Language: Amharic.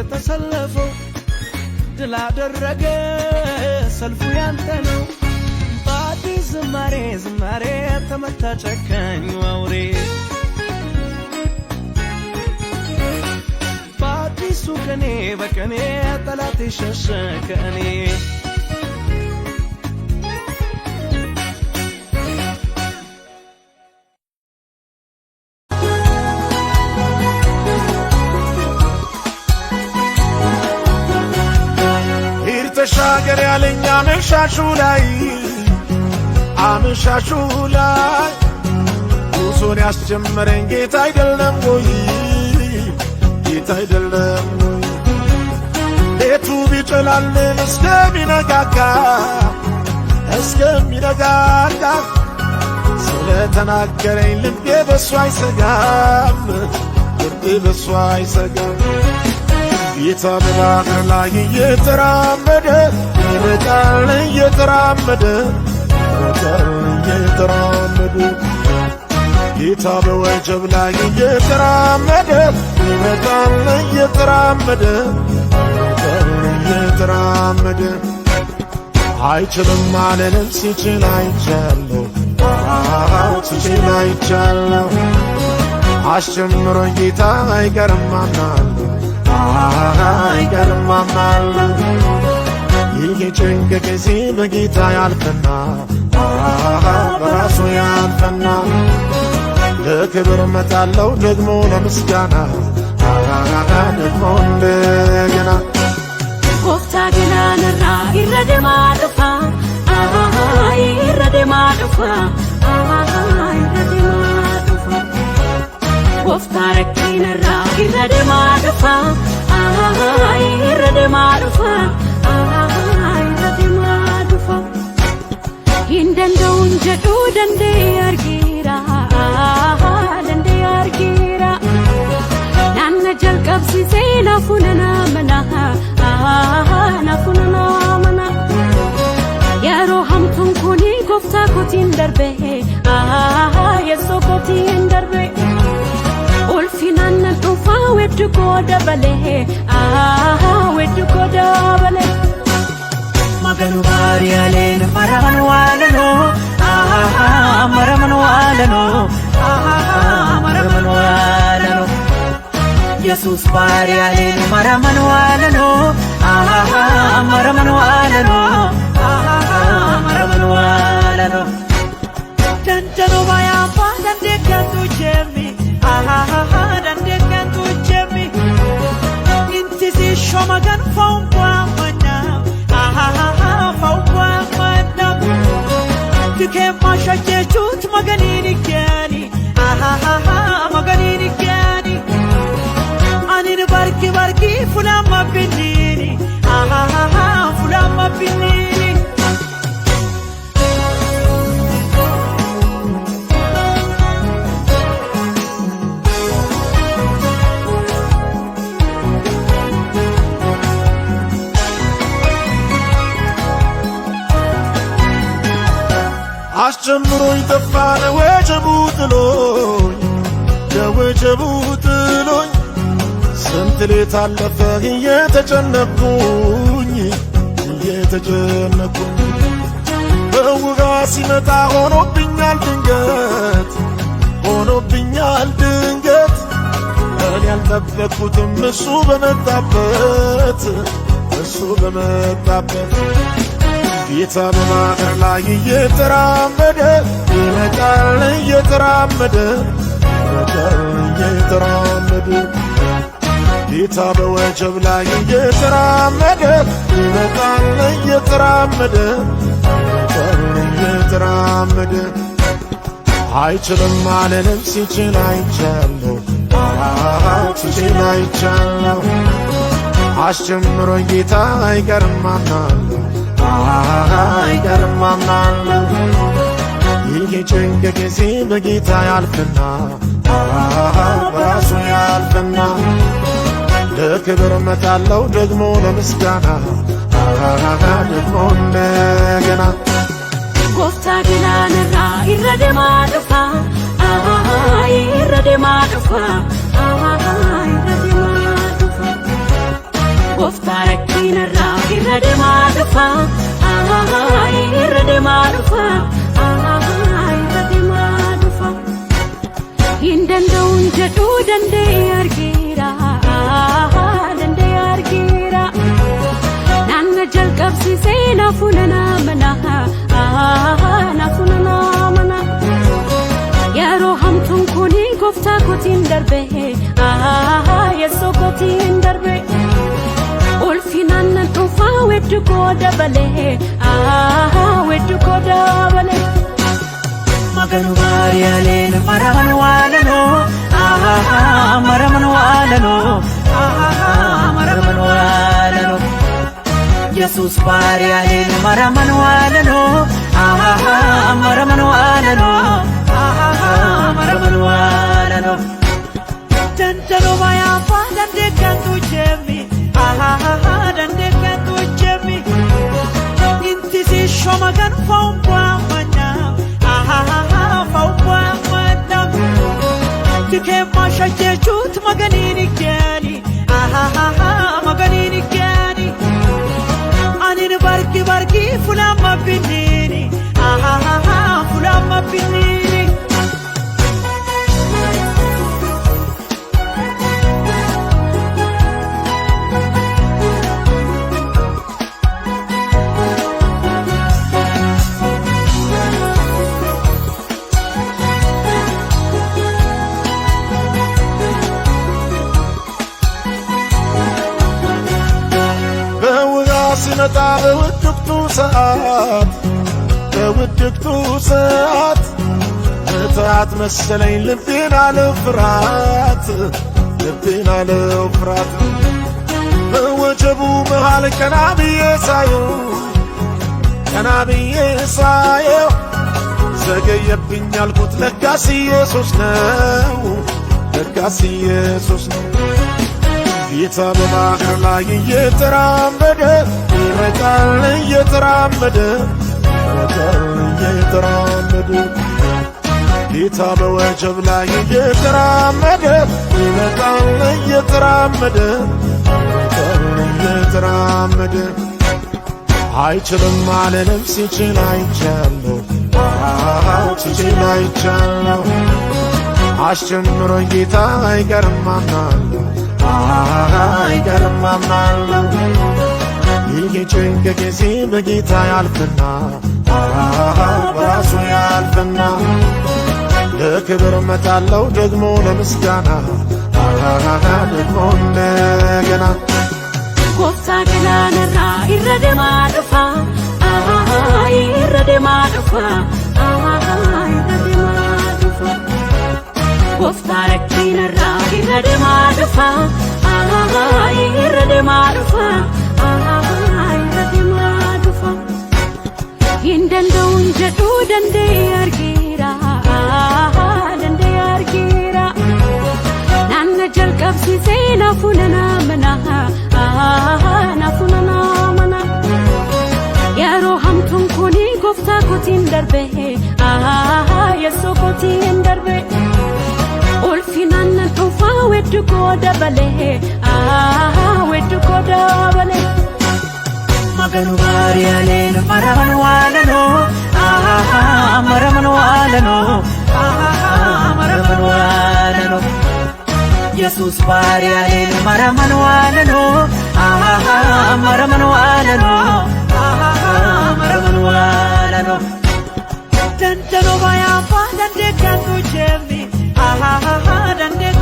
የተሰለፈው ድል አደረገ ሰልፉ ያንተ ነው። በአዲስ ዝማሬ ዝማሬ ተመታ ጨካኝ አውሬ በአዲሱ ቀኔ በቀኔ ጠላት ሸሸ ከእኔ ተሻገር ያለኝ አመሻሹ ላይ አመሻሹ ላይ ጉዞን ያስጀመረኝ ጌታ አይደለም ወይ? ጌታ አይደለም ወይ? ቤቱ ቢጨላልን እስከሚነጋጋ እስከሚነጋጋ ስለተናገረኝ ልቤ በሷ አይሰጋም፣ ልቤ በሷ አይሰጋም። ጌታ በባህር ላይ እየተራመደ ይመጣል እየተራመደ ይመጣል እየተራመደ ጌታ በወጀብ ላይ እየተራመደ ይመጣል እየተራመደ ይመጣል እየተራመደ አይችልም ሲችል አይቻለሁ ሲችል አይቻለሁ አስጀምሮ ጌታ አይቀርም አምናለሁ አይቀርማናል ይህ ጭንቅ ጊዜ በጌታ ያልፍና በራሱ ያልፍና ለክብር መጣለው ደግሞ ለምስጋና ደግሞ እንደገና ጎፍታ ግና ንራ ይረደማ ጥፋ ይረደማ ጥፋ ጎፍታ ረኪ ንራ ይረደማ ጥፋ yeroo hamtuun kun gooftaa kootiin darbe yeessoo kootiin darbe. yesus baariyaaleen maraman waalano maraman waalano maraman waalano dandano bayaa faa dandeeggatu jeem barki barki fulama binini ah fulama binini አስጨምሮኝ ጠፋ ደወጀቡ ጥሎኝ ደወጀቡ ጥሎኝ ስንት ሌት አለፈ እየተጨነኩኝ እየተጨነኩኝ በውጋ ሲመጣ ሆኖብኛል ድንገት ሆኖብኛል ድንገት እኔ ያልጠበቅኩትም እሱ በመጣበት እሱ በመጣበት ጌታ በባህር ላይ እየተራመደ ይመጣል እየተራመደ ይመጣል እየተራመደ ጌታ በወጀብ ላይ እየተራመደ ይመጣል እየተራመደ ይመጣል እየተራመደ አይችልም አልልም ሲችል አይቻለሁ ሲችል አይቻለሁ አስጀምሮ ጌታ አይቀርም አምናለሁ አይቀርም አምናለሁ ይህ ጭንቅ ጊዜ በጌታ ያልፍና በራሱ ያልፍና በክብር መጣለው ደግሞ ለምስጋና ደግሞ እንደገና ጎፍታ ግናንራ ይረደማ ጥፋ ይረደማ ጥፋ ጎፍታ ረኪነራ ይረደማ ጥፋ ይረደማ ጥፋ ይረደማ ጥፋ ಹಿಂደೆಂದውን ಜಟು ದಂಡೆ ಅರ್ಗೀರಾ Gooftaa kootiin darbee yeessoo kootiin darbee ulfinaan nan dhuunfaa wedduu koo dabalee wedduu koo dabalee. ኢየሱስ ባሪያሌን መረመን ዋለኖ መረመን ዋለኖ መረመን ዋለኖ ደንደኖ ባያባ ደንደቀንቱ ጀሚ ደንደቀንቱ ጀሚ ኢንቲሲ ሾመገን ፎንቧ መናም ፎንቧ መናም ትኬማ ሸጀቹት መገኒ በውድቅቱ ሰዓት በውድቅቱ ሰዓት እታት መሰለኝ ልቤን አለ ፍራት ልቤን አለ ፍራት በወጀቡ መሃል ቀና ብዬ ሳየው ቀና ብዬ ሳየው ዘገየብኝ ያልኩት ለጋስ ኢየሱስ ነው ለጋስ ኢየሱስ ነው ጌታ በባህር ላይ እየተራመደ ይረጫል እየተራመደ ይረጫል እየተራመደ ጌታ በወጀብ ላይ እየተራመደ ይመጣል እየተራመደ ይመጣል እየተራመደ አይችልም አልልም ሲችል አይቻለሁ ሲችል አይቻለሁ አስጀምሮ ጌታ አይቀርም አምናለሁ አይቀርም አምናለሁ ይህ ጭንቅ ጊዜ በጌታ ያልፍና በራሱ ያልፍና ለክብር መጣለው ደግሞ ለምስጋና ደግሞ እንደገና ጎብታ ገናነራ ይረደማ ጥፋ ይረደማ ጥፋ ይረደማ ጎፍታ ረኪ Hin danda'uun jedhu danda'e argeera danda'e argeera naanna jalqabsiisee naafu nana mana naafu nana mana yeroo hamtuun kuni gooftaa kootiin darbe yeessoo kootiin darbe. weddukoo dabalee weddukoo dabalee. Maganu maariyaaleen maraman waalanoo maraman waalanoo maraman waalanoo. Yesuus maariyaaleen maraman waalanoo maraman waalanoo maraman waalanoo. Dandanoo baay'aa faa dandeettaa tuujeemni dandeettaa.